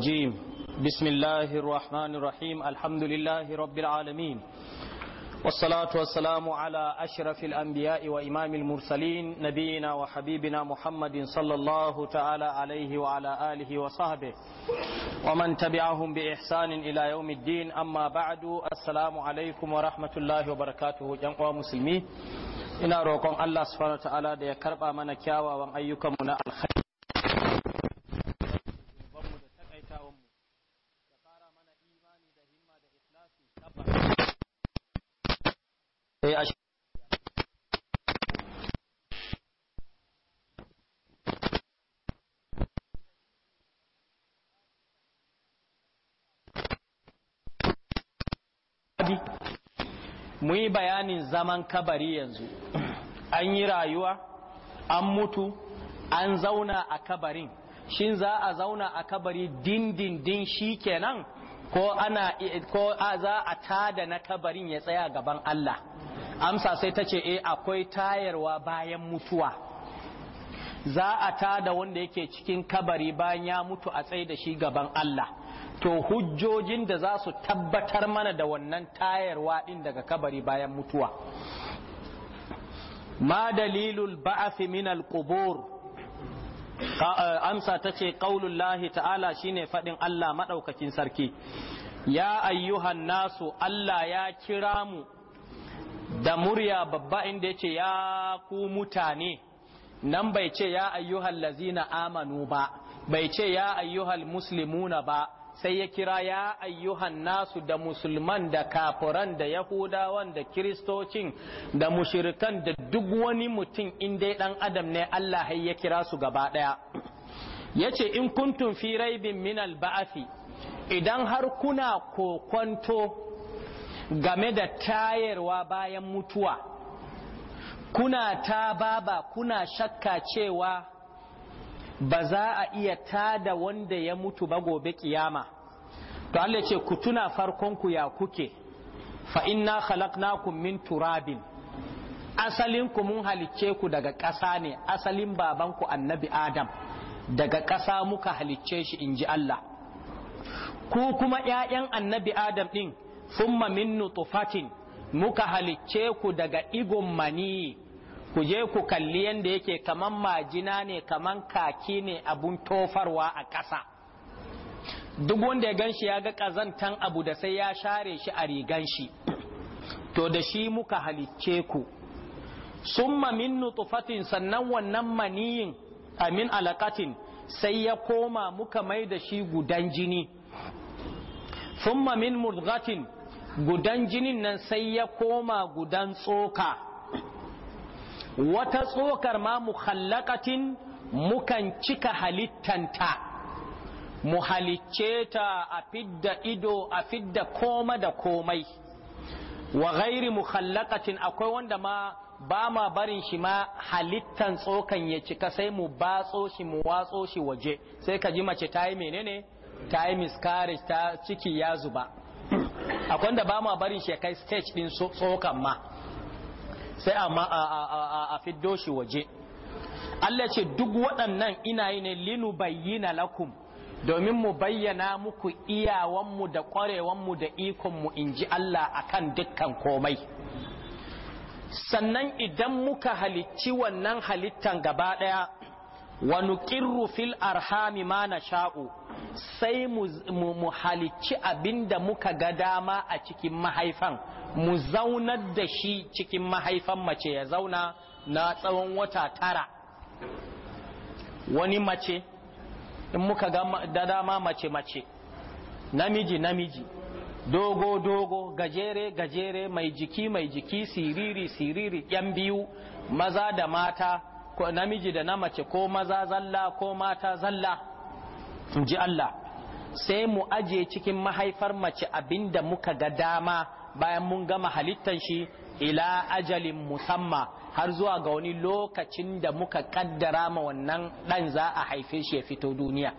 الرجيم بسم الله الرحمن الرحيم الحمد لله رب العالمين والصلاة والسلام على أشرف الأنبياء وإمام المرسلين نبينا وحبيبنا محمد صلى الله تعالى عليه وعلى آله وصحبه ومن تبعهم بإحسان إلى يوم الدين أما بعد السلام عليكم ورحمة الله وبركاته جمع مسلمين ina roƙon Allah subhanahu wa ta'ala da ya karɓa mana kyawawan ayyukanmu na alkhairi mu yi bayanin zaman kabari yanzu an yi rayuwa an mutu an zauna a kabarin shin za a zauna a kabari dindindin shi kenan ko ana ko za a tada na kabarin ya tsaya gaban Allah amsa sai ta ce eh akwai tayarwa bayan mutuwa za a tada wanda yake cikin kabari bayan ya mutu a tsaye da shi gaban Allah to hujjojin da za su tabbatar mana da wannan tayarwa din daga kabari bayan mutuwa ma dalilul ba'afi min al-qubur eh, amsa tace ce ta'ala shine fadin Allah madaukakin sarki ya ayyuhan nasu Allah ya kira mu da murya babba inda yace ya ku mutane nan bai ce ya ayyuhal lazina amanu ba bai ce ya ayyuhal muslimuna ba sai ya kira ya ayyuhan nasu da musulman da kafiran da yahudawan da kiristocin da mushirikan da duk wani mutum inda ya dan adam ne Allah hai ya kira su gaba daya yace in kuntum fi raibin min al idan har kuna kokwanto game da tayarwa bayan mutuwa kuna ta baba kuna shakka cewa ba za a iya tada wanda ya mutu ba gobe kiyama to Allah ce ku tuna farkon ku ya kuke fa inna khalaqnakum min turabin asalin ku mun halicce ku daga ƙasa ne asalin baban ku annabi adam daga ƙasa muka halicce shi inji Allah ku kuma ƴaƴan annabi adam din thumma min nutfatin muka halicce ku daga igon mani ku je ku kalli yadda yake kaman majina ne kaman kaki ne abun tofarwa a ƙasa duk wanda ya ganshi ya ga ƙazantan abu da sai ya share shi a rigan shi to da shi muka halicce ku summa min nutfatin sannan wannan maniyin amin alaqatin sai ya koma muka mai da shi gudan jini summa min mudghatin gudan jinin nan sai ya koma gudan tsoka wata tsokar ma mukhallaqatin mukan cika halittanta mu halicce ta a fidda ido a fidda koma da komai wa ghairi mukhallaqatin akwai wanda ma ba ma barin shi ma halittan tsokan ya cika sai mu batso shi mu watso shi waje sai ka ji mace ta yi menene ta yi miscarriage ta ciki ya zuba akwai wanda ba ma barin shi ya kai stage din tsokan ma sai a fiddo shi waje Allah ce duk waɗannan ina yi ne linu bayyana lakum domin mu bayyana muku iyawanmu da ƙwarewanmu da ikonmu in ji Allah akan dukkan komai sannan idan muka halicci wannan halittan gaba ɗaya wa nuqirru fil arhami ma nasha'u sai mu halicci abinda muka ga dama a cikin mahaifan mu zaunar da shi cikin mahaifan mace ya zauna na tsawon wata tara wani mace in muka ga da dama mace mace namiji namiji dogo dogo gajere gajere mai jiki mai jiki siriri siriri yan biyu maza da mata namiji da na mace ko maza zalla ko mata zalla in ji Allah sai mu aje cikin mahaifar mace abinda muka ga dama bayan mun gama halittar shi ila ajalin musamma har zuwa ga wani lokacin da muka kaddara ma wannan dan za a haife shi ya fito duniya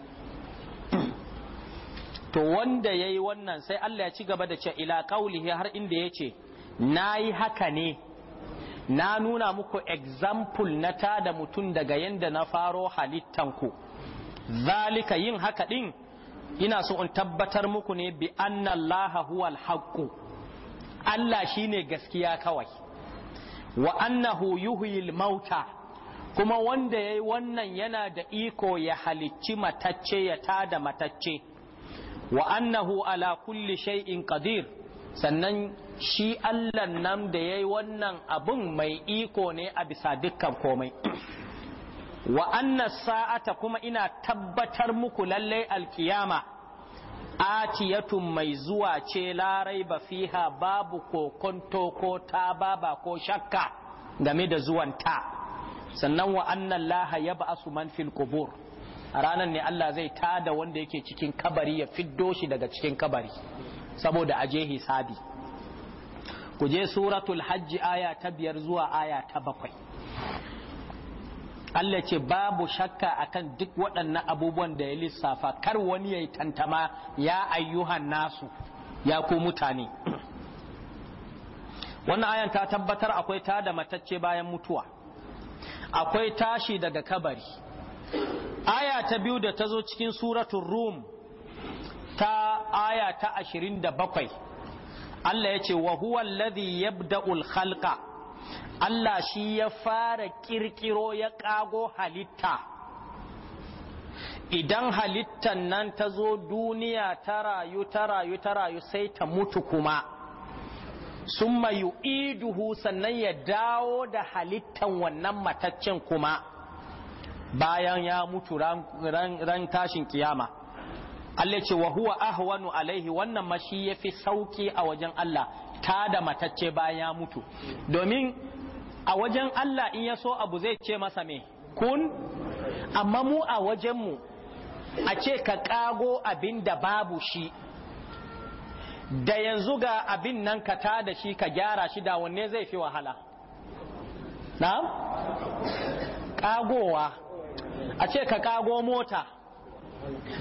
to wanda ya wannan sai Allah ya ci gaba da ce ila kaulihi har inda ya ce na haka ne na nuna muku example na tada mutum daga yanda na faro halittanku zalika yin haka din ina so in tabbatar muku ne bi annallaha huwal haqqu Allah shine gaskiya kawai wa annahu yuhyil mauta kuma wanda yayi wannan yana da iko ya halicci matacce ya tada matacce wa annahu ala kulli shay'in qadir sannan shi Allah nan da ya yi wannan abun mai iko ne a bisa dukkan komai wa sa'ata kuma ina tabbatar muku lallai alkiyama atiyatun mai zuwa ce larai ba fiha babu kokonto ko ta baba ko shakka game da zuwan ta. sannan wa laha ya ba'asu man fil kubur a ranar ne Allah zai tada wanda yake cikin kabari ya fiddo shi daga cikin kabari saboda aje hisabi ku je suratul hajji aya ta biyar zuwa aya ta bakwai Allah ce babu shakka akan duk waɗannan abubuwan da ya lissafa kar wani ya yi tantama ya ayyuhan nasu ya ku mutane wannan ayan ta tabbatar akwai ta da matacce bayan mutuwa akwai tashi daga kabari aya ta biyu da ta zo cikin suratun rum ta aya ta 27 Allah ya ce wa huwa alladhi yabda'ul khalqa Allah shi ya fara kirkiro ya kago halitta idan halittan nan ta zo duniya ta rayu ta rayu ta rayu sai ta mutu kuma summa yu'iduhu sannan ya dawo da halittan wannan mataccen kuma bayan ya mutu ran, ran tashin kiyama Allah ce wa huwa ahwanu alaihi wannan ma shi yafi sauki a wajen Allah ta da matacce baya mutu domin a wajen Allah in ya so abu zai ce masa me kun amma mu a wajen mu a ce ka kago abin da babu shi da yanzu ga abin nan ka ta da shi ka gyara shi da wanne zai fi wahala na'am kagowa a ce ka kago mota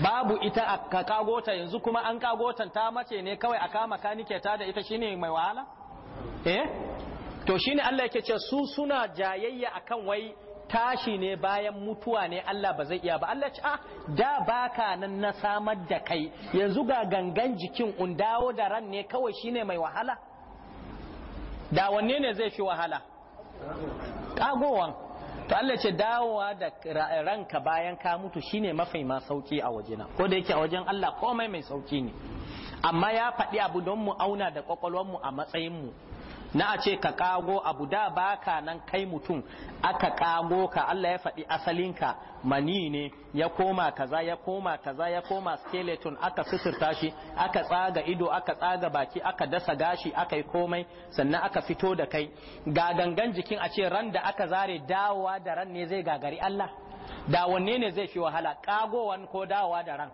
babu ita a kagota yanzu kuma an kagotan ta mace ne kawai a kama kanike ta da ita shine mai wahala eh to shine Allah yake ce su suna jayayya akan wai tashi ne bayan mutuwa ne Allah ba zai iya ba Allah ce ah da baka nan na samar da kai yanzu ga gangan jikin undawo da ran ne kawai shine mai wahala da wanne ne zai fi wahala kagowan to Allah ce dawowa da ranka bayan ka mutu shine mafi ma sauki a wajena ko da yake a wajen Allah komai mai sauki ne amma ya faɗi abu don mu auna da ƙwaƙwalwar mu a matsayin mu na a ce ka kago abu da baka nan kai mutum aka kago ka Allah ya faɗi asalinka mani ne ya koma kaza ya koma kaza ya koma skeleton aka suturta shi aka tsaga ido aka tsaga baki aka dasa gashi aka yi komai sannan aka fito da kai ga gangan jikin a ce ran da aka zare dawowa da ran ne zai gagari Allah da wanne ne zai fi wahala kagowan ko dawowa da ran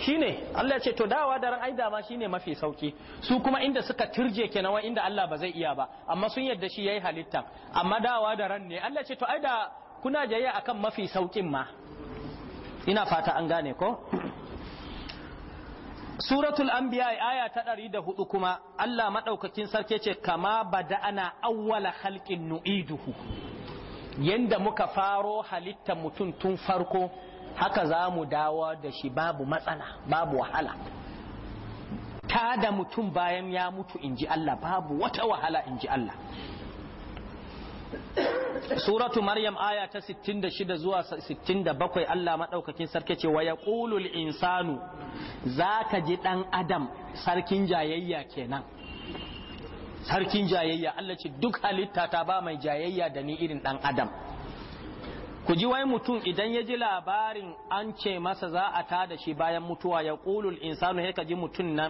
shine Allah ce to dawa da ran ra'ayi dama shine mafi sauki su kuma inda suka turje kenan wa inda Allah ba zai iya ba amma sun yadda shi yayi halitta amma dawa da ran ne Allah ce to aida kuna jayya akan mafi saukin ma ina fata an gane ko suratul anbiya aya ta 104 kuma Allah madaukakin sarki ce kama bada ana awwala khalqin nu'iduhu yanda muka faro halitta mutum tun farko haka za mu dawo da shi babu matsala babu wahala ta da mutum bayan ya mutu in ji Allah babu wata wahala in ji Allah suratu maryam aya ta 66 zuwa 67 Allah madaukakin sarki ce wa ƙulul insanu za ka ji dan adam sarkin jayayya kenan sarkin jayayya Allah ce duk halitta ta ba mai jayayya da ni irin dan adam ku ji wai mutum idan ya ji labarin an ce masa za a tada shi bayan mutuwa ya ƙulul insanu ya kaji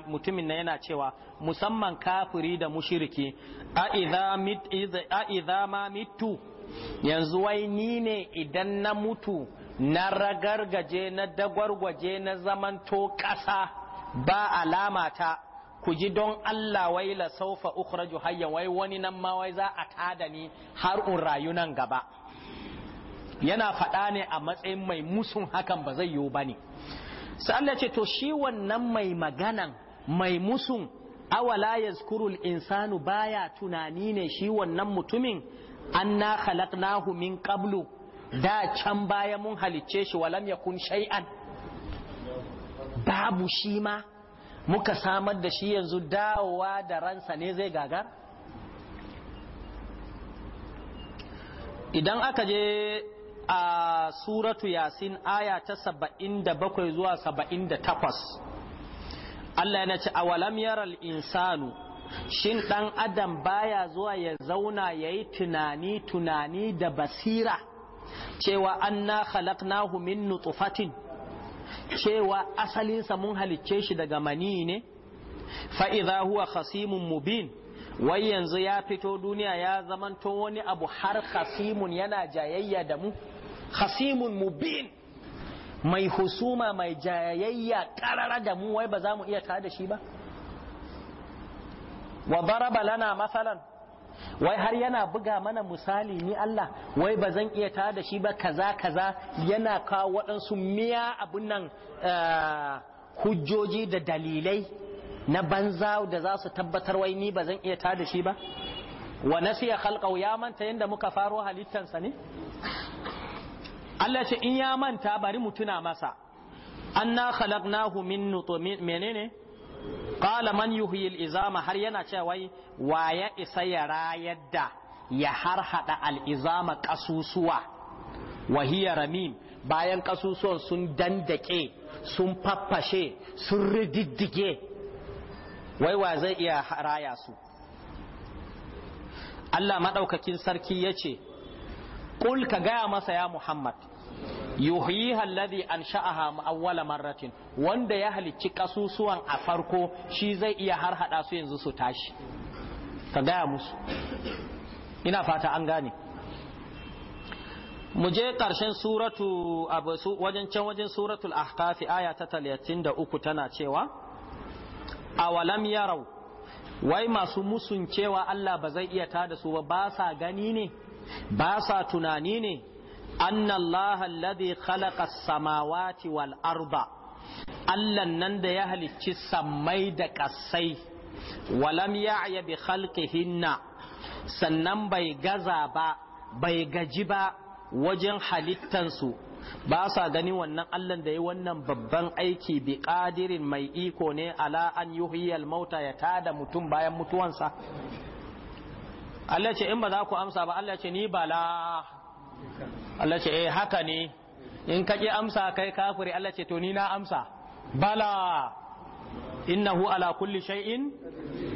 mutumin na yana cewa musamman kafiri da mushiriki a idha ma mitu yanzu wai ni ne idan na mutu na ragargaje na dagwargwaje na zamanto ƙasa ba alama ta ku ji don Allah wai la saufa ukhraju hayyan wai wani nan ma wai za a tada ni har in rayu nan gaba yana faɗa ne a matsayin mai musun hakan ba zai yiwu ba ne sai ce to shi wannan mai maganan mai musun awala yazkurul insanu baya tunani ne shi wannan mutumin anna khalaqnahu min qablu da can baya mun halicce shi walam yakun shay'an babu shi ma muka samar da shi yanzu dawowa da ransa ne zai gagar idan aka je a suratu yasin aya ta saba'in da bakwai zuwa saba'in da takwas Allah yana ce awalam yaral insanu shin dan adam baya zuwa ya zauna ya yi tunani tunani da basira cewa anna khalaqnahu min nutfatin cewa asalinsa mun halicce shi daga mani ne fa'iza huwa khasimun mubin wai yanzu ya fito duniya ya zamanto wani abu har khasimun yana jayayya da mu khasimun mubin mai husuma mai jayayya karara da mu wai ba za mu iya ta da shi ba wa baraba lana masalan wai har yana buga mana misali ni Allah wai ba zan iya ta da shi ba kaza kaza yana kawo waɗansu miya abun nan eh, hujjoji da dalilai na banza da za su tabbatar wai ni ba zan iya ta da shi ba wa nasiya khalqau ya manta yanda muka faro halittansa ne Allah ce in ya manta bari mu tuna masa anna khalaqnahu min nutmin menene qala man yuhyi izama har yana cewa wai wa ya isa ya rayar ya harhada al-izama kasusuwa wa hiya ramim bayan kasusuwan sun dandake sun faffashe sun rididdige wai wa zai iya raya su Allah madaukakin sarki yace kul ka gaya masa ya muhammad yuhyiha alladhi ansha'aha awwala marratin wanda ya halicci kasusuwan a farko shi zai iya harhaɗa su yanzu su tashi ka gaya musu ina fata an gane mu je ƙarshen suratu wajen can wajen suratul ahqafi aya ta 33 tana cewa awalam yarau wai masu musun cewa Allah ba zai iya tada su ba ba sa gani ne ba sa tunani ne annallaha alladhi khalaqa samawati wal arda allan nan da ya halicci sammai da kasai walam ya'ya bi khalqihinna sannan bai gaza ba bai gaji ba wajen halittansu ba sa gani wannan allan da ya wannan babban aiki bi ƙadirin mai iko ne ala an yuhiyal mauta ya tada mutum bayan mutuwansa Allah ce in ba za ku amsa ba Allah ce ni bala Allah ce eh haka ne in ka ƙi amsa kai kafiri Allah ce to ni na amsa bala innahu ala kulli shay'in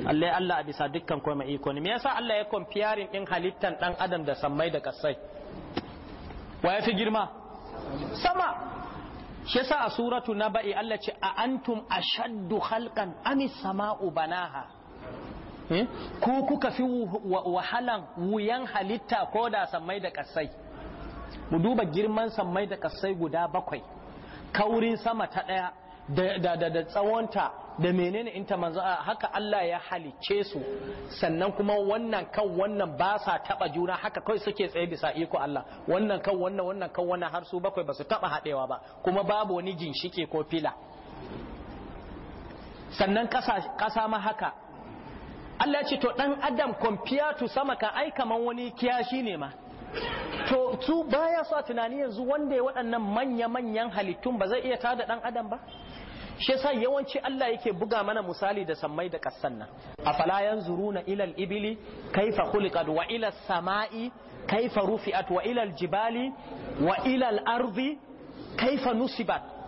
Allah Allah a bisa dukkan mai iko ne me yasa Allah ya kompiyarin din halittan dan adam da sammai da kasai wa ya fi girma sama shi yasa a suratu naba'i Allah ce a antum ashaddu khalqan amis sama'u banaha Hmm? ku kuka fi wahalan wuyan halitta ko da sammai da kasai mu duba girman sammai da kasai guda bakwai kaurin sama ta ɗaya da tsawonta da menene inta manzo haka Allah ya halicce su sannan kuma wannan kan wannan ba sa taba juna haka kai suke tsaye bisa iko Allah wannan kan wannan wannan kan wannan har su bakwai ba su taba hadewa ba kuma babu wani ginshike ko fila sannan kasa ma haka Allah ce to dan adam kwamfiya sama ka ai kaman wani kiyashi ne ma to su baya sa tunani yanzu wanda ya waɗannan manya-manyan halittun ba zai iya tada dan adam ba shi yasa yawanci Allah yake buga mana misali da sammai da kassan nan afala yanzuruna ila ibili ibli kaifa khuliqat wa ila samai kaifa rufi'at wa ila jibali wa ila al-ardi kaifa nusibat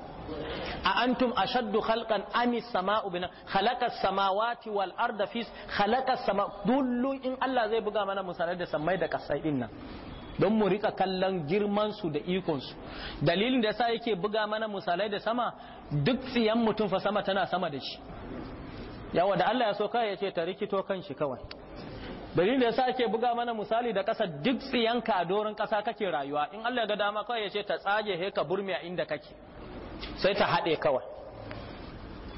a antum ashaddu khalqan ami sama'u bina khalaqa samawati wal arda fis khalaqa sama dullu in Allah zai buga mana misalai da samai da kasai din nan don mu rika kallon girman su da ikon su dalilin da yasa yake buga mana misalai da sama duk tsiyan mutum fa sama tana sama da shi yawa da Allah ya so kai ya ce ta rikito kan shi kawai dalilin da yasa ake buga mana misali da kasa duk tsiyanka a doron kasa kake rayuwa in Allah ya ga dama kawai ya ce ta tsage he ka burmi a inda kake sai ta haɗe kawai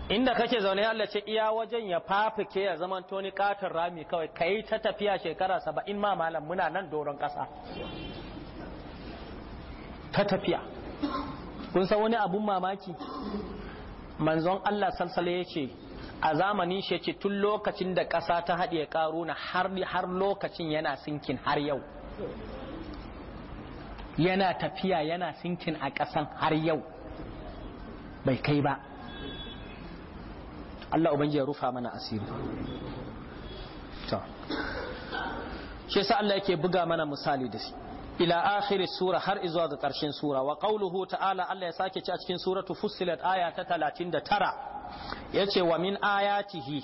inda kake zaune Allah ce iya wajen ya fafike ya zaman toni katon rami kawai ka yi ta tafiya shekara saba'in ma malam muna nan doron ƙasa ta tafiya kun san wani abun mamaki manzon Allah salsale ya ce a zamanin shi ce tun lokacin da ƙasa ta haɗe na har lokacin yana sinkin har yau yana tafiya yana sinkin a ƙasan har yau bai kai ba Allah ubangiji ya rufa mana asiri to shi yasa Allah yake buga mana misali da shi ila akhiri sura har izuwa ga karshen sura wa qauluhu ta'ala Allah ya sake ci a cikin suratu fussilat aya ta 39 yace wa min ayatihi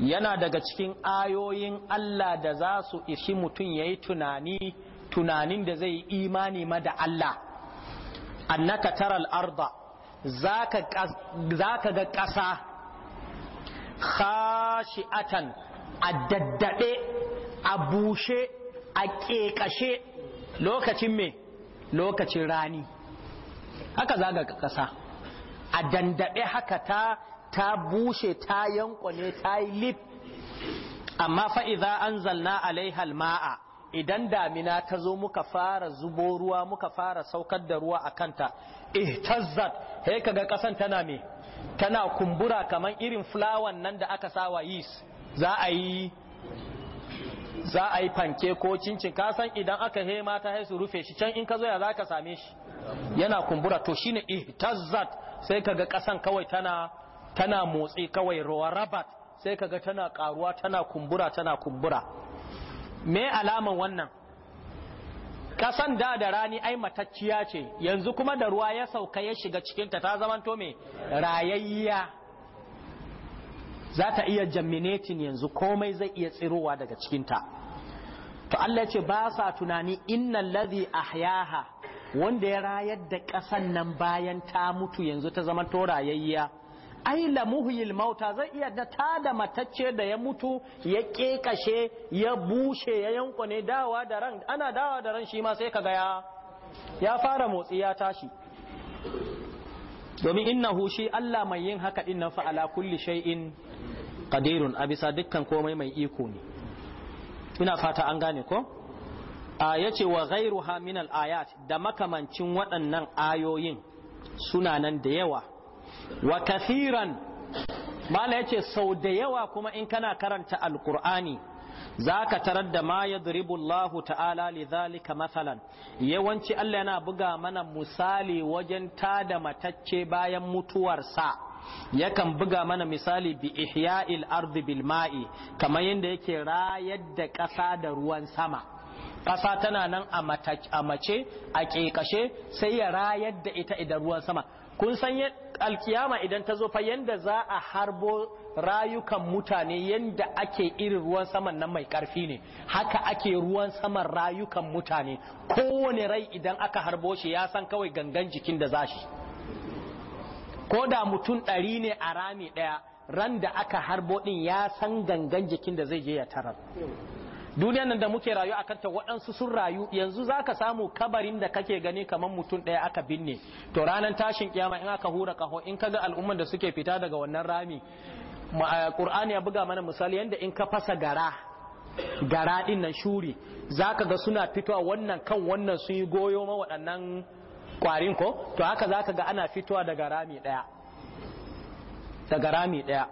yana daga cikin ayoyin Allah da za su ishi mutum yayi tunani tunanin da zai imani ma da Allah annaka taral arda za ka ga ƙasa khashi'atan a daddaɗe a bushe a ƙeƙashe lokacin me lokacin rani haka za ka ƙasa a dandaɗe haka ta ta bushe ta yankwane ta yi lif amma fa'iza an zalna alaihal ma'a idan damina ta zo muka fara zubo ruwa muka fara saukar da ruwa a kanta tazzat sai kaga kasan tana me tana kumbura kaman irin flower nan da aka sawa yis za a yi za a yi fanke ko cincin kasan idan aka hema ta haisu rufe shi can in ka zo ya zaka same shi yana kumbura to shine tazzat sai kaga kasan kawai tana tana motsi kawai rabat sai kaga tana karuwa tana kumbura tana kumbura me alaman wannan kasan da da rani ai matacciya ce yanzu kuma da ruwa ya sauka ya shiga cikinta ta zamanto me? rayayya za ta iya jaminatin yanzu komai zai iya tsirowa daga cikinta to Allah ce ba sa tunani innal ladhi ahyaha wanda ya rayar da kasan nan bayan ta mutu yanzu ta zamanto rayayya Aila muhyil mauta zai iya da tada matacce da ya mutu ya kekashe ya bushe ya yanko ne dawa da ran ana dawa da ran shi ma sai kaga ya ya fara motsi ya tashi domin innahu shi Allah mai yin haka din nan fa ala kulli shay'in qadirun a bisa dukkan komai mai iko ne ina fata an gane ko a yace wa ghayruha min al ayat da makamancin waɗannan ayoyin suna nan da yawa wa kathiran mala yace sau da yawa kuma in kana karanta alqur'ani zaka tarar da ma yadribu Allah ta'ala lidhalika mathalan yawanci Allah yana buga mana misali wajen tada matacce bayan mutuwarsa yakan buga mana misali bi ihya'il ardi bil ma'i kamar yadda yake rayar da ƙasa da ruwan sama ƙasa tana nan a mace a ƙeƙashe sai ya rayar da ita idan ruwan sama kun san alkiyama idan ta zo fa yanda za a harbo rayukan mutane yanda ake irin ruwan saman nan mai karfi ne haka ake ruwan saman rayukan mutane kowane rai idan aka harbo shi ya san kawai gangan jikin da za shi ko da mutum ɗari ne a rami ɗaya ran da aka harbo ɗin ya san gangan jikin da zai je ya tarar duniyan nan da muke rayu a kanta waɗansu sun rayu yanzu za ka samu kabarin da kake gani kamar mutum ɗaya aka binne to ranar tashin kiyama in aka hura kaho in ka ga al'umman da suke fita daga wannan rami ƙur'ani ya buga mana misali yadda in ka fasa gara gara ɗin nan shuri za ka ga suna fitowa wannan kan wannan sun yi goyo ma waɗannan ƙwarin ko to haka za ka ga ana fitowa daga rami ɗaya daga rami ɗaya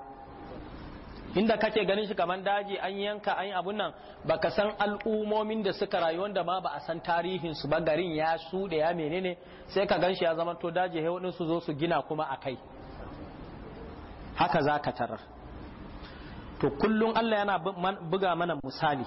inda kake ganin shi kamar daji an yanka an yi abun nan baka san al'umomin da suka rayu wanda ma ba a san tarihin su ba garin ya su da ya menene sai ka ganshi ya zama to daji he wadin su zo su gina kuma a kai. haka za ka tarar to kullum Allah yana buga mana misali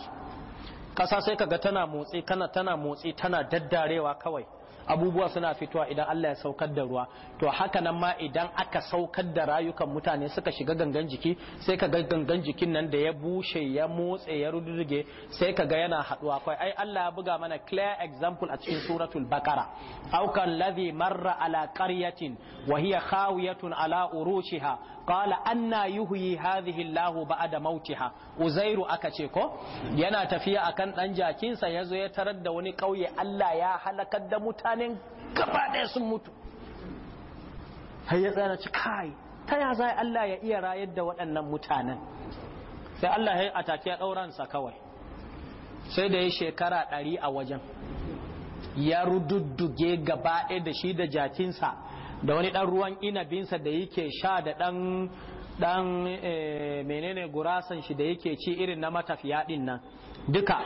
ƙasa sai ka ga tana motsi kana tana motsi tana daddarewa kawai abubuwa suna fitowa idan Allah ya saukar da ruwa to haka nan ma idan aka saukar da rayukan mutane suka shiga gangan jiki sai ka ga gangan jikin nan da ya bushe ya motse ya rudurge sai ka ga yana haduwa kai ai Allah ya buga mana clear example a cikin suratul baqara aukan kan ladhi marra ala qaryatin wa hiya khawiyatun ala urushiha qala anna yuhyi hadhihi Allahu ba'da mautiha uzairu aka ce ko yana tafiya akan dan jakinsa yazo ya tarar da wani kauye Allah ya halakar da mutanen gaba sun mutu har ya tsaya ci ta ya zai Allah ya iya rayar da waɗannan mutanen sai Allah ya atake ya ɗauransa kawai sai da ya shekara ɗari a wajen ya rududduge gabaɗaya da shi da jakinsa da wani dan ruwan inabinsa da yake sha da dan dan eh, menene gurasan shi da yake ci irin na matafiya din nan duka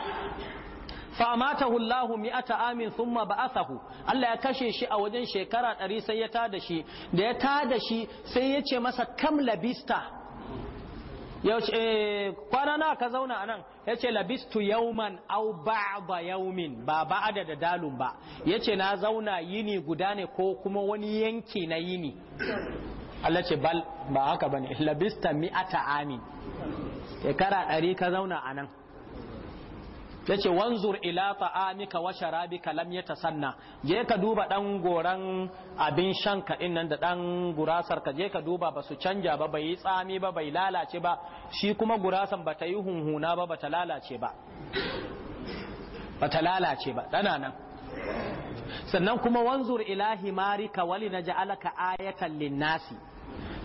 fa amatahu Allah mi'ata amin thumma ba'athahu Allah ya kashe shi a wajen shekara 100 sai ya tada shi da ya tada shi sai ya ce masa kam labista yaushe eh, kwana na ka zauna anan ya ce labistu yauman au ba'da yaumin ba ba'ada da dalun ba ya ce na zauna yini guda ne ko kuma wani yanki na yini Allah ce bal ba haka bane labista mi'ata amin shekara ɗari ka zauna a nan yace wanzur ila ta'amika wa sharabika lam sanna je ka duba dan goran abin shanka din nan da dan gurasar ka je ka duba ba su canja ba bai tsami ba bai lalace ba shi kuma gurasan bata yi hunhuna ba ba ta lalace ba ba ta lalace ba dana nan sannan kuma wanzur ila himarika wali naj'alaka ayatan linnasi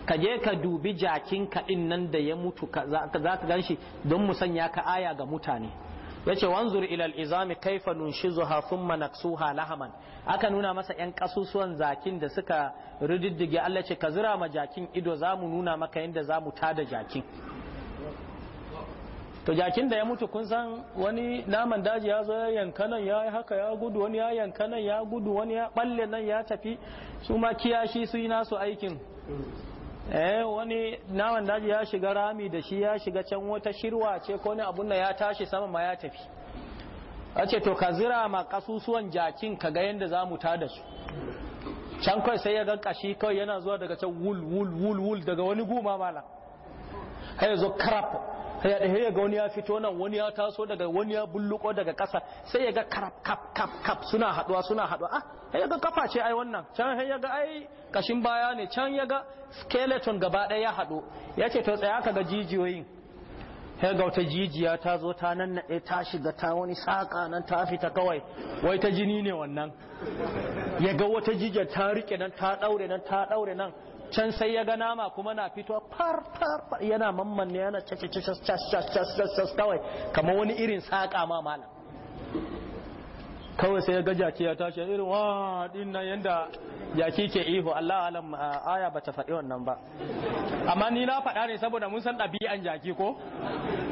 ka je ka dubi jakinka din nan da ya mutu za ka shi don mu sanya ka aya ga mutane yace wanzur ila al-izami kaifa nunshizuha thumma naksuha lahaman aka nuna masa yan kasusuwan zakin da suka rididdige Allah ce ka zura ma jakin ido zamu nuna maka yanda zamu tada jakin to jakin da ya mutu kun san wani naman daji ya zo ya yanka nan ya haka ya gudu wani ya yanka nan ya gudu wani ya balle nan ya tafi su ma kiyashi su yi nasu aikin eh wani naman daji ya shiga rami da shi ya shiga can wata shirwa ce ko ne abun ya tashi sama ma ya tafi a ce to ka zira ma kasusuwan jakin ka ga yadda za mu ta da su can kawai sai ya ga kashi kawai yana zuwa daga can wul wul wul daga wani guma malam. har yazo karab da ya ga wani ya fito nan wani ya taso daga wani ya bulluko daga kasa sai ya ga karab kap kap kap suna haduwa suna haduwa ah har ga kafa ce ai wannan can har ya ga ai kashin baya ne can ya ga skeleton gaba ɗaya ya haɗu ya ce to tsaya ka ga jijiyoyin sai ga wata jijiya ta zo ta nan naɗe ta shiga ta wani saƙa nan ta fita kawai wai ta jini ne wannan ya ga wata jijiya ta rike nan ta ɗaure nan ta ɗaure nan can sai ya ga nama kuma na fito far far far yana mamman ne yana cas cas kawai kamar wani irin saƙa ma malam kawai sai ya ga jaki ya tashi irin wa din nan yanda jaki ke ihu Allah alam aya bata faɗi wannan ba amma ni na faɗa ne saboda mun san ɗabi'an jaki ko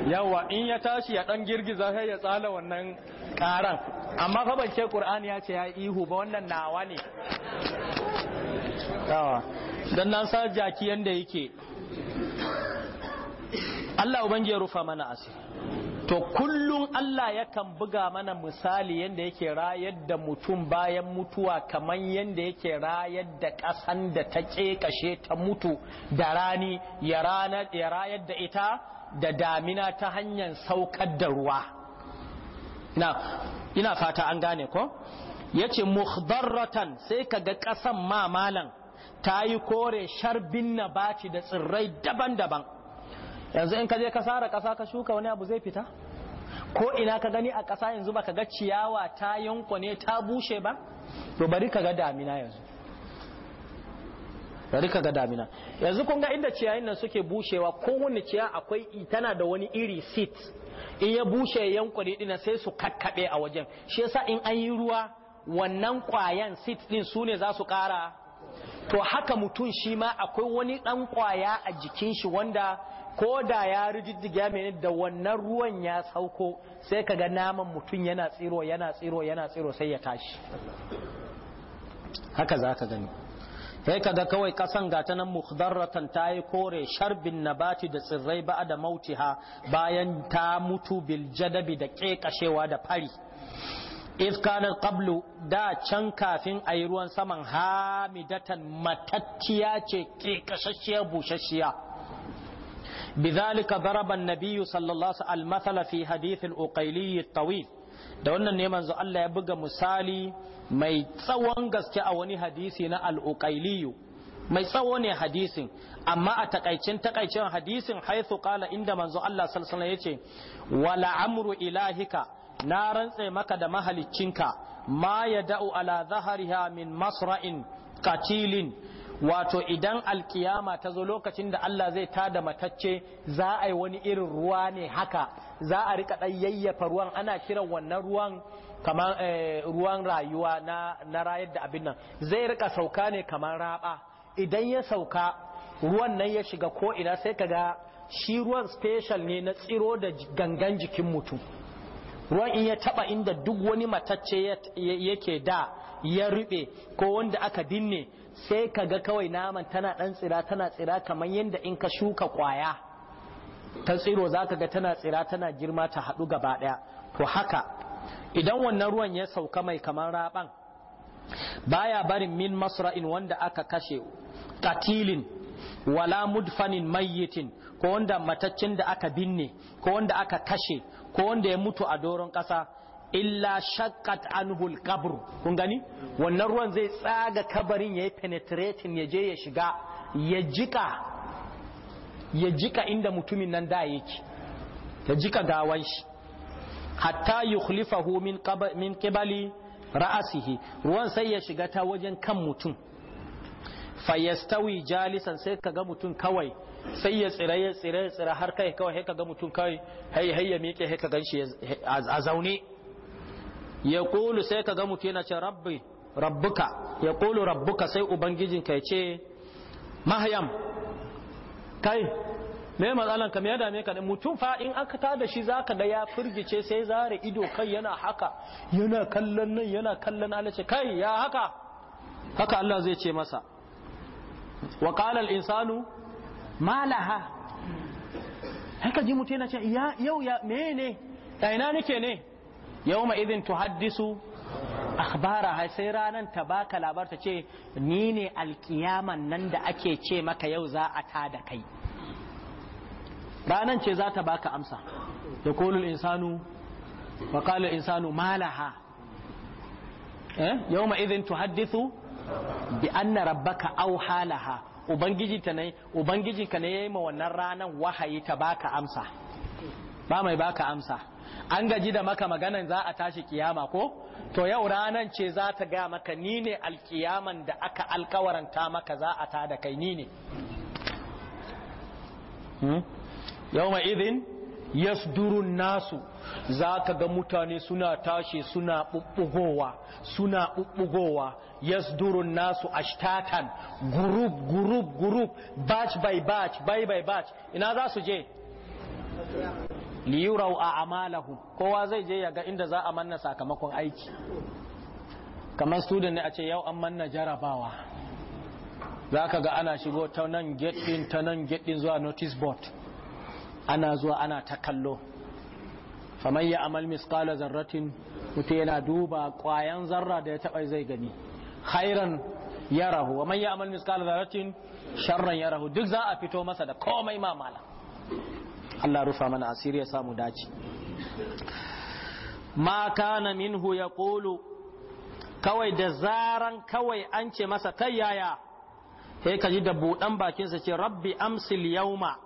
yawa in ya tashi ya dan girgiza sai ya tsala wannan ƙaran amma fa ban ce Qur'ani ya ce ya ihu ba wannan nawa ne yawa don na sa jaki yadda yake Allah ubangi ya rufa mana asiri to kullum Allah yakan buga mana misali yadda yake rayar da mutum bayan mutuwa kamar yadda yake rayar da ƙasan da ta ƙeƙashe ta mutu da rani ya rayar da ita da damina ta hanyar saukar da ruwa ina fata an gane ko ya ce muhdarratan sai ka ga ƙasan mamalan ta yi kore sharbin na baci da tsirrai daban-daban yanzu in ka je ka sara ƙasa ka shuka wani abu zai fita ko ina ka gani a kasa yanzu ba ka ga ciyawa ta yanko ne ta bushe ba to bari ka ga damina yanzu bari ka ga damina yanzu kun ga inda ciyayin nan suke bushewa kowane ciya akwai tana da wani iri seat in ya bushe yanko ne dina sai su kakkaɓe a wajen shi yasa in an yi ruwa wannan kwayan seat din su ne za su kara. to haka mutum shi ma akwai wani ɗan ƙwaya a jikin shi wanda ko da ya rijiddiga mai da wannan ruwan ya sauko sai ka ga naman mutum yana tsiro yana tsiro yana tsiro sai ya tashi haka za ka gani sai ka ga kawai kasan gata nan ta yi kore sharbin nabati da tsirrai ba da mautiha bayan ta mutu biljadabi jadabi da ƙeƙashewa da fari if kana qablu da can kafin a yi ruwan saman hamidatan matattiya ce kekashashiyar bushashiya bizalika daraban nabiyyu sallallahu alaihi wasallam fi tawil da wannan ne manzo Allah ya buga misali mai tsawon gaske a wani hadisi na al mai tsawo ne hadisin amma a takaicin takaicin hadisin haithu ƙala inda manzo Allah sallallahu ya ce wala amru ilahika na rantse maka da mahalicinka ma ya da'u ala zahariha min masra'in katilin wato idan alkiyama ta zo lokacin da Allah zai tada matacce za a yi wani irin ruwa ne haka za a rika ɗan yayyafa ruwan ana kiran wannan ruwan kamar eh, ruwan rayuwa na, na rayar da abin nan zai rika sauka ne kamar raba idan ya sauka ruwan nan ya shiga ko ina sai kaga shi ruwan special ne na tsiro da gangan jikin mutum ruwan in ya taba inda duk wani matacce yake da ya rube ko wanda aka dinne sai ka ga kawai naman tana dan tsira tana tsira kamar yadda in ka shuka kwaya ta tsiro za ka ga tana tsira tana girma ta haɗu gaba ɗaya to haka idan wannan ruwan ya sauka mai kamar raɓan baya barin min masra'in wanda aka kashe katilin wala mudfanin mayyitin ko wanda mataccen da aka binne ko wanda aka kashe ko wanda ya mutu a doron ƙasa illa shakkat anhul qabr kun gani wannan ruwan zai tsaga kabarin yayi penetrating ya je ya shiga ya jika ya jika inda mutumin nan da yake ya jika gawan shi hatta yukhlifahu min qibali ra'asihi ruwan sai ya shiga ta wajen kan mutum fayastawi jalisan sai kaga mutum kawai sai ya tsira ya tsira ya tsira har kai kawai kaga mutum kawai hai hai ya miƙe hai kaga shi a zaune ya kulu sai kaga mutum yana ce rabbi rabbuka ya kulu rabbuka sai ubangijinka ya ce mahayam kai me matsalan ka me ya dame ka mutum fa in aka ta da shi zaka da ya firgice sai zare ido kai yana haka yana kallon nan yana kallon Allah ce kai ya haka haka Allah zai ce masa wa qala al insanu malaha haka ji mutum yana ce ya yau ya mene Da ina nake ne yawma idin tuhaddisu akhbara hai sai ranan ta baka labar ta ce ni ne alkiyaman nan da ake ce maka yau za a ta da kai ranan ce za ta baka amsa da kolul insanu wa kalul insanu malaha yau eh, yawma tuhaddithu bi anna rabbaka awha laha ubangiji ta ne ubangiji ka ne yayi ma wannan ranan wahayi ta baka amsa ba mai baka amsa an gaji da maka maganan za a tashi kiyama ko to yau ranan ce za ta ga maka nine ne alkiyaman da aka alkawaranta maka za a ta da kai nine. Hmm? yawma ya yasdurun nasu za ka ga mutane suna tashe suna ɓuɓɓugowa suna ɓuɓɓugowa yasdurun nasu ashtatan group group group batch by batch by by batch ina za su je liyurau a amalahu kowa zai je ya ga inda za a manna sakamakon aiki kamar student ne a ce yau an manna jarabawa za ka ga ana shigo ta nan gate ta nan gate zuwa notice board ana zuwa ana ta kallo faman ya amal misqala zarratin mutum yana duba kwayan zarra da ya taba zai gani khairan yarahu wa man ya amal misqala zarratin sharran yarahu duk za a fito masa da komai mamala Allah rufa mana asiri ya samu dace ma kana minhu yaqulu kawai da zaran kawai an ce masa kai yaya sai ka ji da buɗan sa ce rabbi amsil yauma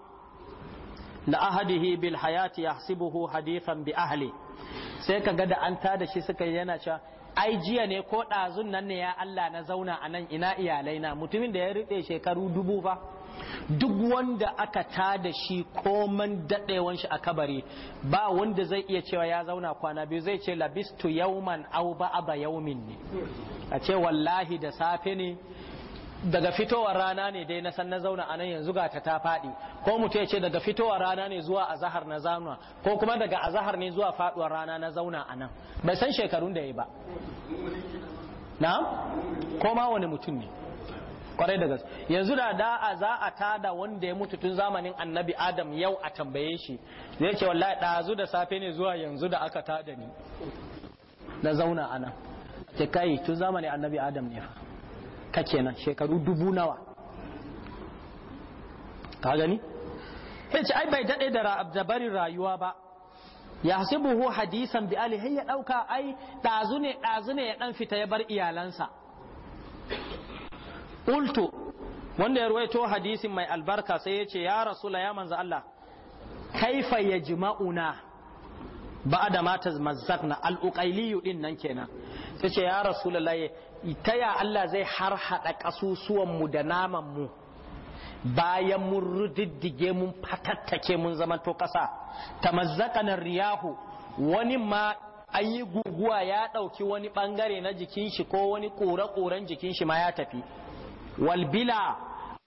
ahadihi bil hayati yahsibuhu hadithan bi ahli sai kaga da an tada shi suka yana cewa ai jiya ne ko ɗazun nan ne ya Allah na zauna anan ina iyalai na mutumin da ya riɗe shekaru dubu fa duk wanda aka tada shi koman daɗewan shi a kabari ba wanda zai iya cewa ya zauna kwana biyu zai ce labistu yauman au ba yawmin ne a ce wallahi da safe ne daga fitowar rana ne dai na san na zauna a nan yanzu ga ta ta faɗi ko mutum ya ce daga fitowar rana ne zuwa azahar na zauna ko kuma daga azahar ne zuwa faɗuwar rana na zauna a nan bai san shekarun da ya ba Na ko ma wani mutum ne kwarai da gaske yanzu da a za a tada wanda ya mutu tun zamanin annabi adam yau a tambaye shi zai ce wallahi ɗazu da safe ne zuwa yanzu da aka tada ni na zauna a nan kai tun zamanin annabi adam ne fa ka kenan shekaru dubu nawa ka gani ce ai bai daɗe da dabarin rayuwa ba ya hasibuhu hadisan bi alihi ya ɗauka ai ɗazu ne ɗazu ne ya ɗan fita ya bar iyalansa ultu wanda ya ruwaito hadisin mai albarka sai ya ce ya rasula ya manzo Allah kaifa ya jima'una ba da matas al al'uƙailiyu din nan kenan sai ce ya rasu laye ta Allah zai har haɗa ƙasusuwanmu da namanmu bayan mun rudiddige mun fatattake mun to ƙasa ta mazzakanar riyahu wani ma an guguwa ya ɗauki wani ɓangare na jikin shi ko wani ƙura-ƙuran jikin shi ma ya tafi walbila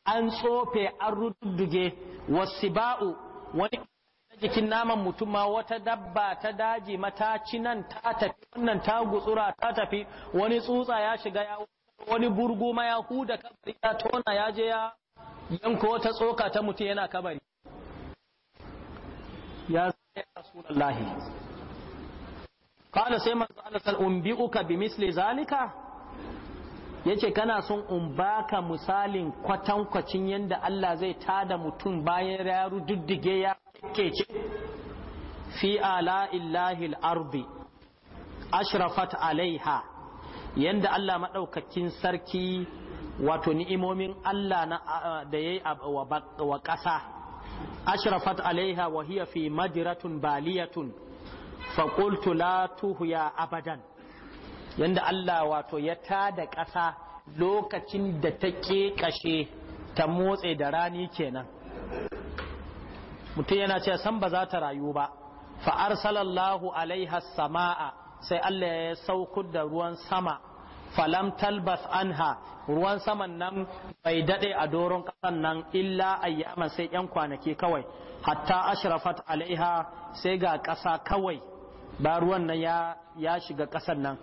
an tsofe an rududdige wasu ba'u wani cikin naman mutum ma wata dabba ta daji mataci nan ta tafi wannan ta gutsura ta tafi wani tsutsa ya shiga ya wani burgu ma ya huda kabari ya tona ya je ya yanko wata tsoka ta mutum yana kabari ya zai rasulullahi Kada sai manzo Allah sal umbiuka misli zalika yace kana son in baka misalin kwatankwacin yadda Allah zai tada mutum bayan ya rududdige ya kece fi ala illahi ardi ashrafat alaiha yanda Allah maɗaukakin sarki wato ni'imomin Allah na da yayi wa ƙasa ashrafat alaiha wa hiya fi madiratun baliyatun fa qultu la ya abadan yanda Allah wato ya tada ƙasa lokacin da ta ƙeƙashe ta motse da rani kenan mutum yana cewa san ba za ta rayu ba fa arsalallahu alaiha samaa sai Allah ya sauko da ruwan sama falam talbas anha ruwan saman nan bai dade a doron kasan nan illa ayyaman sai yan kwanaki kawai hatta ashrafat alaiha sai ga kasa kawai ba ruwan nan ya shiga kasan nan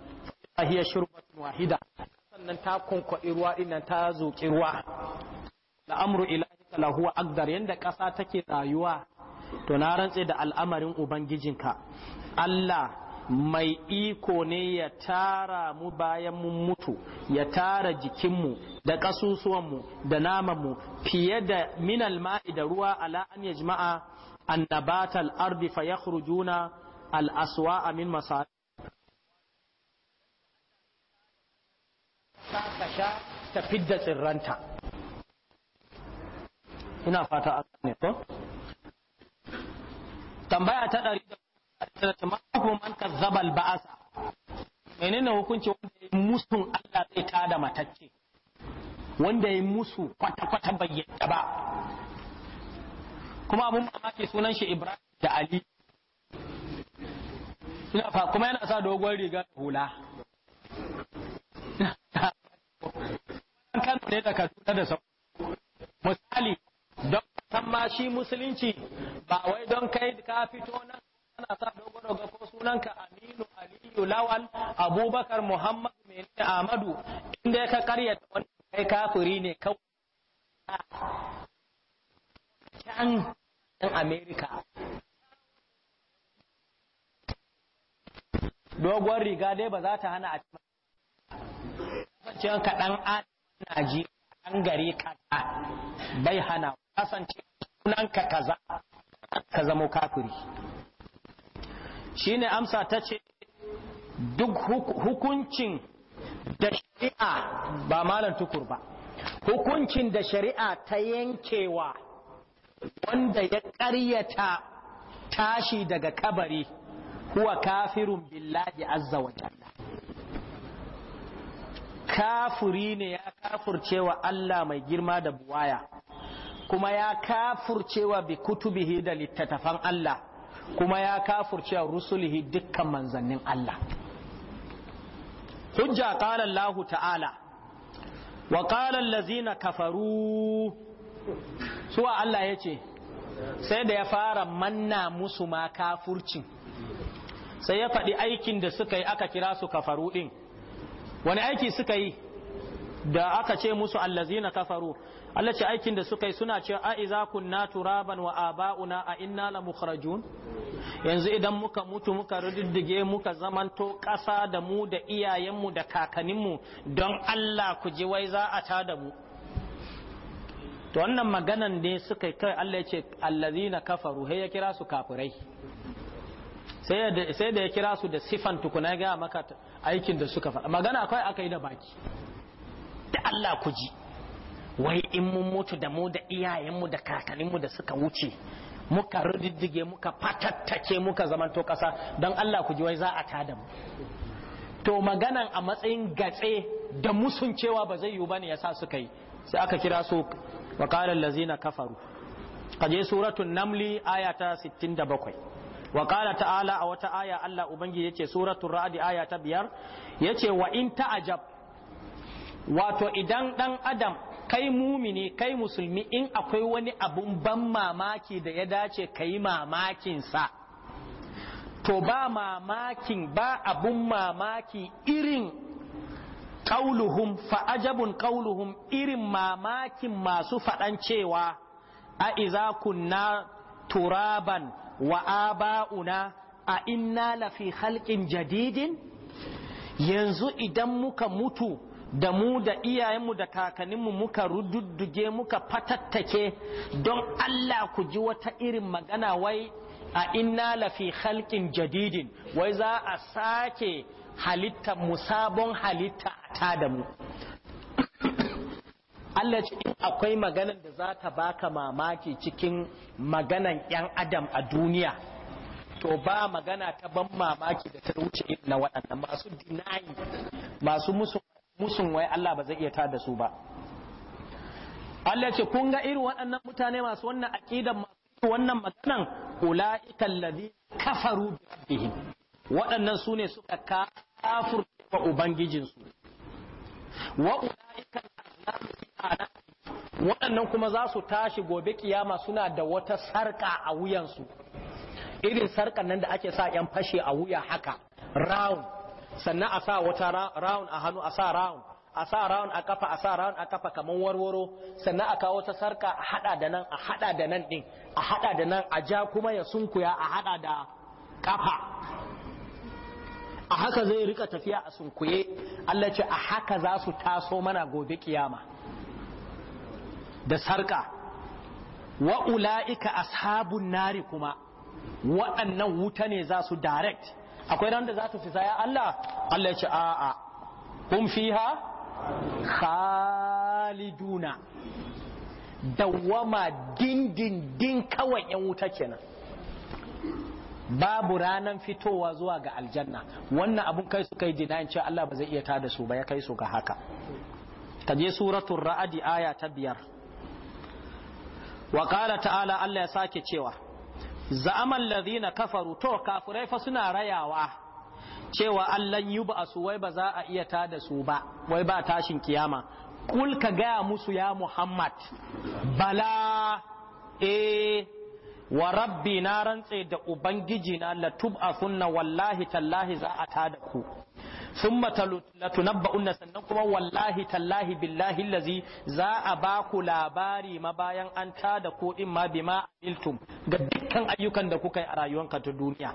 fa hiya wahida kasan nan ta kunkwa ruwa ta zuki ruwa la amru ila lahu akdar yanda ƙasa take rayuwa to na rantse da al'amarin ubangijinka Allah mai iko ne ya tara mu bayan mun mutu ya tara jikinmu da ƙasusuwanmu da namanmu fiye da minal ma'i da ruwa ala an ya jima'a an nabatal ardi fa ya al'aswa amin masari ta fidda tsirranta ina fata a gane ko tambaya ta ɗari da ta mako man zabal ba'asa menene hukunci wanda ya musu Allah zai tada matacce wanda ya musu kwata-kwata bai yadda ba kuma abun mamaki sunan shi Ibrahim da Ali ina fa kuma yana sa dogon riga da hula kan ne da Kaduna da Sau misali don san ma shi musulunci ba wai don kai ka fito nan ana sa dogoro ga ko sunanka Aminu Aliyu Lawal Abubakar Muhammad mai Ahmadu inda ka karya da wani kai kafiri ne kawai can 'yan Amerika dogon riga dai ba za ta hana a cikin kasancewa ka ɗan Najeriya ɗan gari kaɗa bai hana kasance sunanka kaza ka zamo kafiri shine amsa ta ce duk hukuncin da shari'a ba malam tukur ba hukuncin da shari'a ta yankewa wanda ya ƙaryata tashi daga kabari huwa kafirun billahi azza wa jalla kafiri ne ya kafurcewa Allah mai girma da buwaya kuma ya kafurcewa bi kutubihi da littattafan Allah kuma ya kafurcewa rusulihi dukkan manzannin Allah hujja qala Allah ta'ala wa qala allazina kafaru suwa Allah yace sai da ya fara manna musu ma kafurcin sai ya faɗi aikin da suka yi aka kira su kafaru ɗin wani aiki suka yi da aka ce musu allazina kafaru Allah ce aikin da suka yi suna ce a iza kunna turaban wa aba'una a inna la mukhrajun yanzu idan muka mutu muka rududdige muka zamanto ƙasa da mu da iyayenmu da kakanninmu don Allah ku ji wai za a ta da mu to wannan maganan ne suka yi kai Allah ya ce allazina kafaru sai ya kira su kafirai sai da ya kira su da sifan tukuna ga maka aikin da suka faɗa magana akwai aka yi da baki da Allah ku ji wai in mun mutu da mu da iyayenmu da kakanninmu da suka wuce muka riddige muka fatattake muka zamanto kasa don Allah ku ji wai za a tada mu to maganan a matsayin gatse da musun cewa ba zai yiwu ya sa suka yi sai aka kira su wa Lazina allazina kafaru kaje suratun namli ayata sittin 67 wa qala ta'ala a wata aya Allah ubangiji yace suratul ra'd aya ta biyar yace wa in ta'ajab wato idan dan adam kai mumini kai musulmi in akwai wani abun ban mamaki da ya dace ka yi mamakinsa to ba mamakin ba abun mamaki irin fa fa'ajabun ƙauluhun irin mamakin masu faɗan cewa a iza kunna turaban wa aba'una a inna lafi halƙin jadidin yanzu idan muka mutu da mu da iyayenmu da kakanninmu muka rududduge muka fatattake don Allah ku ji wata irin magana wai a inna lafi halkin jadidin wai za a sake halitta mu sabon halitta ta da mu Allah ce akwai maganan da za ta baka mamaki cikin maganan 'yan adam a duniya to ba magana ta ban mamaki da ta wuce na waɗannan masu dinayi masu musu musun wai Allah ba zai iya tada su ba Allah ce kun ga irin waɗannan mutane masu wannan aqidan masu wannan maganan ulaiikal ladhi kafaru bi rabbihim waɗannan su ne suka kafur wa ubangijinsu wa waɗannan kuma za su tashi gobe kiyama suna da wata sarƙa a wuyansu irin sarƙan nan da ake sa 'yan fashe a wuya haka round sannan a sa wata raun a hannu a sa raun a sa raun a kafa a sa raun a kafa kamar warwaro sannan a kawo ta sarka a hada da nan a hada da nan din a hada da nan a ja kuma ya sunkuya a hada da kafa a haka zai rika tafiya a sunkuye Allah ce a haka za su taso mana gobe kiyama da sarka wa ula'ika ashabun nari kuma waɗannan wuta ne za su direct akwai ran da za ta fi ya Allah Allah ya ce a'a fi fiha khaliduna dawama dindindin kawai yan wuta kenan babu ranan fitowa zuwa ga aljanna wannan abun kai su kai dinayin cewa Allah ba zai iya tada su ba ya kai su ga haka ta je suratul ra'adi aya ta biyar wa qala ta'ala Allah ya sake cewa za'aman lazina kafaru to kafurai fa suna rayawa cewa allan yi ba su wai ba za a iya ta da su ba wai ba tashin kiyama kul ka gaya musu ya muhammad bala e wa rabbi na rantse da ubangiji na latub afunna wallahi tallahi za a ta da ku thumma latunabba'unna sannan kuma wallahi tallahi billahi allazi za a ba labari ma bayan an tada ku din ma bima ga dukkan ayyukan da kuka yi a rayuwanka ta duniya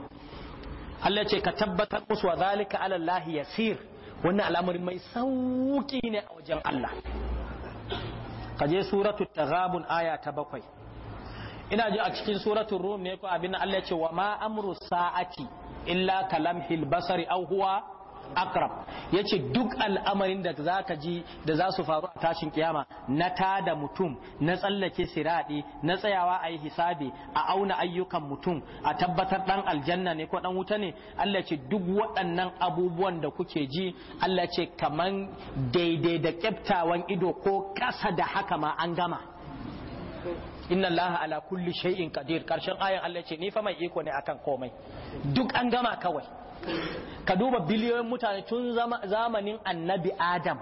Allah ce ka tabbatar musu wa zalika ala Allah yasir wannan al'amari mai sauƙi ne a wajen Allah kaje suratul taghabun aya ta bakwai ina ji a cikin suratul rum ne ko abin Allah ce wa ma amru sa'ati illa kalamhil basari aw akrab yace duk al'amarin da zaka ji da za su faru a tashin kiyama na tada mutum na tsallake siradi na tsayawa a yi hisabi a auna ayyukan mutum a tabbatar dan aljanna ne ko dan wuta ne Allah ce duk waɗannan abubuwan da kuke ji Allah ce kaman daidai da kyaftawan ido ko kasa da haka ma an gama inna Allah ala kulli shay'in qadir karshen ayan Allah ce ni fa mai iko ne akan komai duk an gama kawai ka duba biliyoyin mutane tun zamanin annabi adam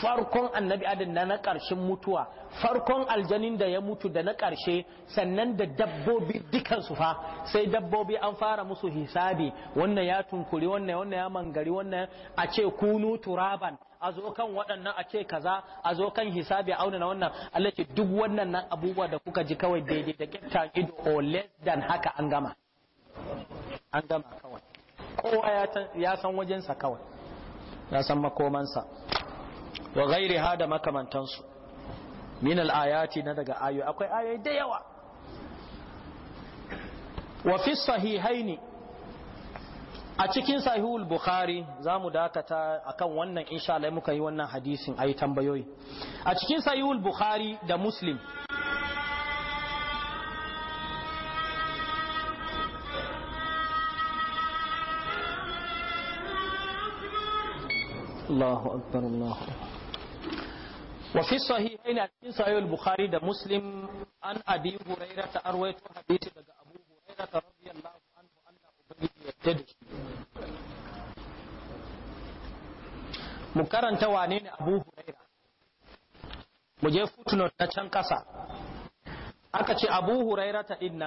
farkon annabi adam na na ƙarshen mutuwa farkon aljanin da ya mutu da na ƙarshe sannan da dabbobi dukansu fa sai dabbobi an fara musu hisabi wannan ya tunkuri wannan wannan ya mangari wannan a ce kunu turaban a zo kan waɗannan a ce kaza a zo kan hisabi a auna wannan Allah ce duk wannan nan abubuwa da kuka ji kawai daidai da kyaftan ido or less than haka an gama an gama kawai kowa ya san wajensa kawai ya san makomansa wa gairi ha da makamantansu min al'ayati na daga ayo akwai ayoyi da yawa wa fi sahihaini a cikin sahihul bukhari za mu dakata akan wannan insha Allah muka yi wannan hadisin ayi tambayoyi a cikin sahihul bukhari da muslim Allahu akbar Allah. Wa fi sahihaini a cikin sahihul Bukhari da Muslim an abi Hurairah ta arwaito hadisi daga Abu Hurairah ta radiyallahu anhu Allah ubangiji ya tada shi. Mu karanta wanene ne Abu Hurairah? Mu je footnote ta can ƙasa Aka ce Abu Hurairah ta din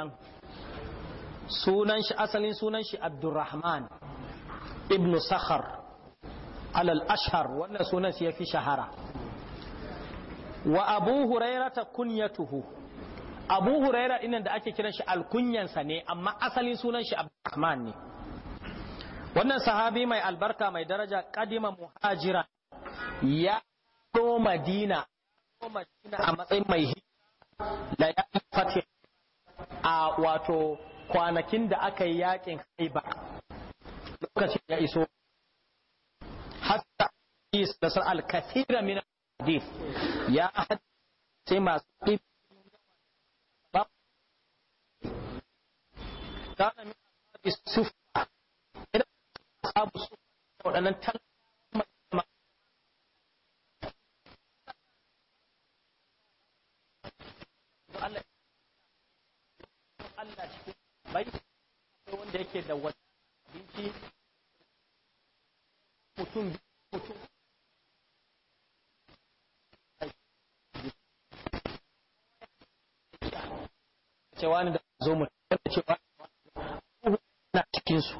asalin sunan shi Abdurrahman ibnu Sakhar. alal ashar wannan sunan ya yafi shahara wa abu kunya kunyatuhu abu huraira dinnan da ake kiran shi alkunyansa ne amma asalin sunan shi abdurrahman ne wannan sahabi mai albarka mai daraja kadima muhajira ya zo madina a matsayin mai da ya fati a wato kwanakin da aka yi yakin haiba lokacin ya iso الكثير من الحديث يا أحد سيما كان من أصحاب السفة إلى أصحاب السفة وأن وأن يكون cewa ni da zo mu da cewa na cikin su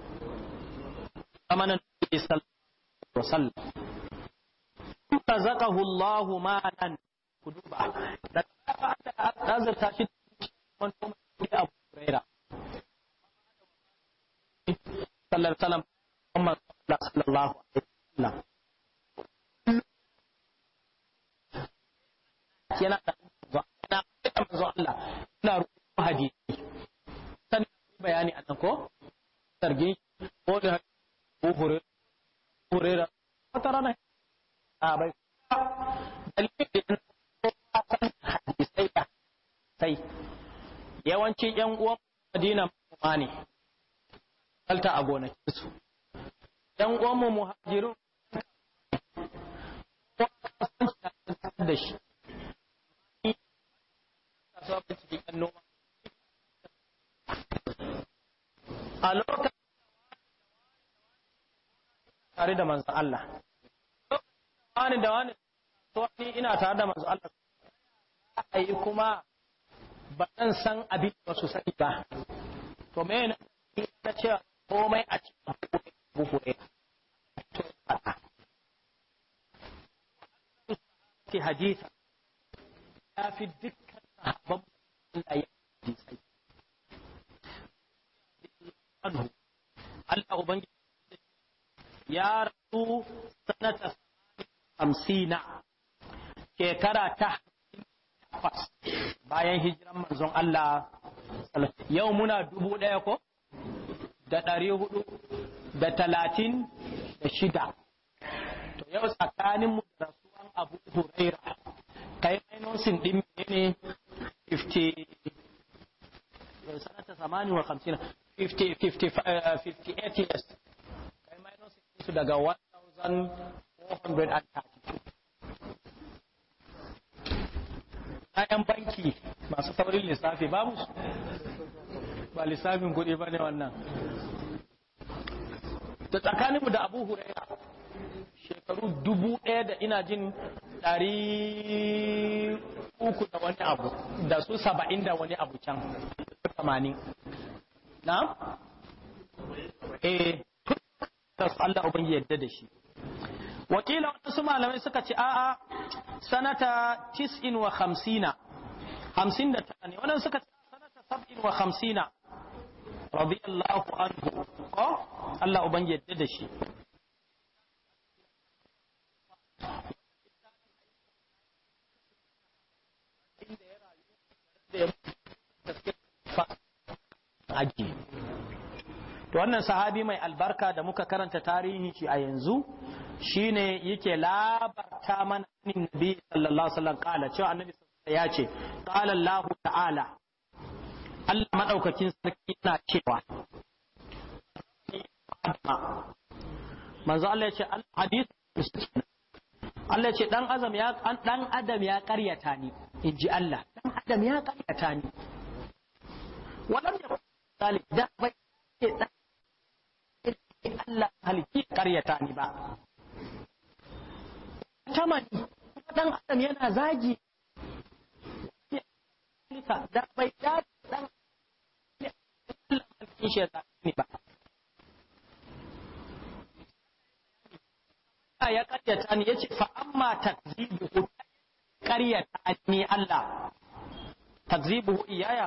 amanan da sallallahu alaihi zaqahu Allahu malan kuduba da azurta shi wani abu raira sallallahu sallallahu alaihi wasallam yana da manzo Allah Allah wani da wani to ina tare da masu Allah a yi kuma ba ɗan san abin da su sani ba to me ne ta ce komai a cikin buhure to ta hadisi Allah yau muna dubu ɗaya ko da ɗari hudu da talatin da shida to yau tsakanin mu da rasuwan abu huraira ta yi mainosin ɗin ne 50 sanata samani wa hamsin 58 eh, years ka yi mainosin su daga 1400 masu saurin lissafi babu su ba lissafin kuɗi ba ne wannan da tsakaninmu da abu huraira shekaru dubu ɗaya da ina jin ɗari uku da wani abu da su saba'in da wani abu can tamanin na? eh Allah abin yadda da shi wakilan wasu malamai suka ce a'a sanata tis'in wa hamsina hamsin da tara ne wannan suka ce sanata sab'in wa hamsina radiyallahu anhu ko Allah ubangi yadda da shi aji to wannan sahabi mai albarka da muka karanta tarihi shi a yanzu shine yake labarta mana annabi sallallahu alaihi wasallam kala cewa annabi ya ce qala ta'ala Allah Allah ce dan azam ya dan adam ya karyata ni inji Allah dan adam ya karyata ni walam ya da bai ce dan Allah karyata ni ba tamani dan adam yana zagi sa da bai dace dan cikin shi ya ba ya karyata ni yace fa amma takzibuhu karyata ni Allah takzibuhu iyaya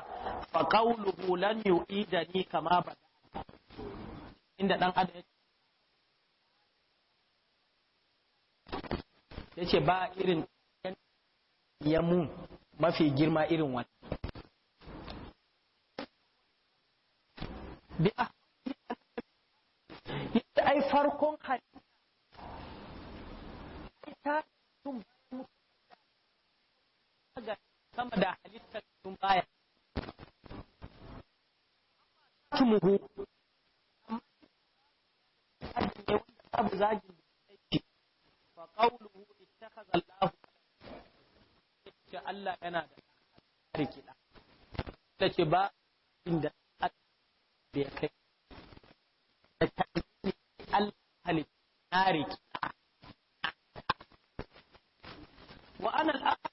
fa qawluhu lan yu'idani kama bada inda dan adam yace ba irin ya mun mafi girma irin wani yadda ai farkon halitta ga sama da halitta sun baya tumuhu amma zagin da aiki ittakhadha Allahu ce Allah yana da rikida ta ce ba inda da ya kai da ta Allah halitta wa ana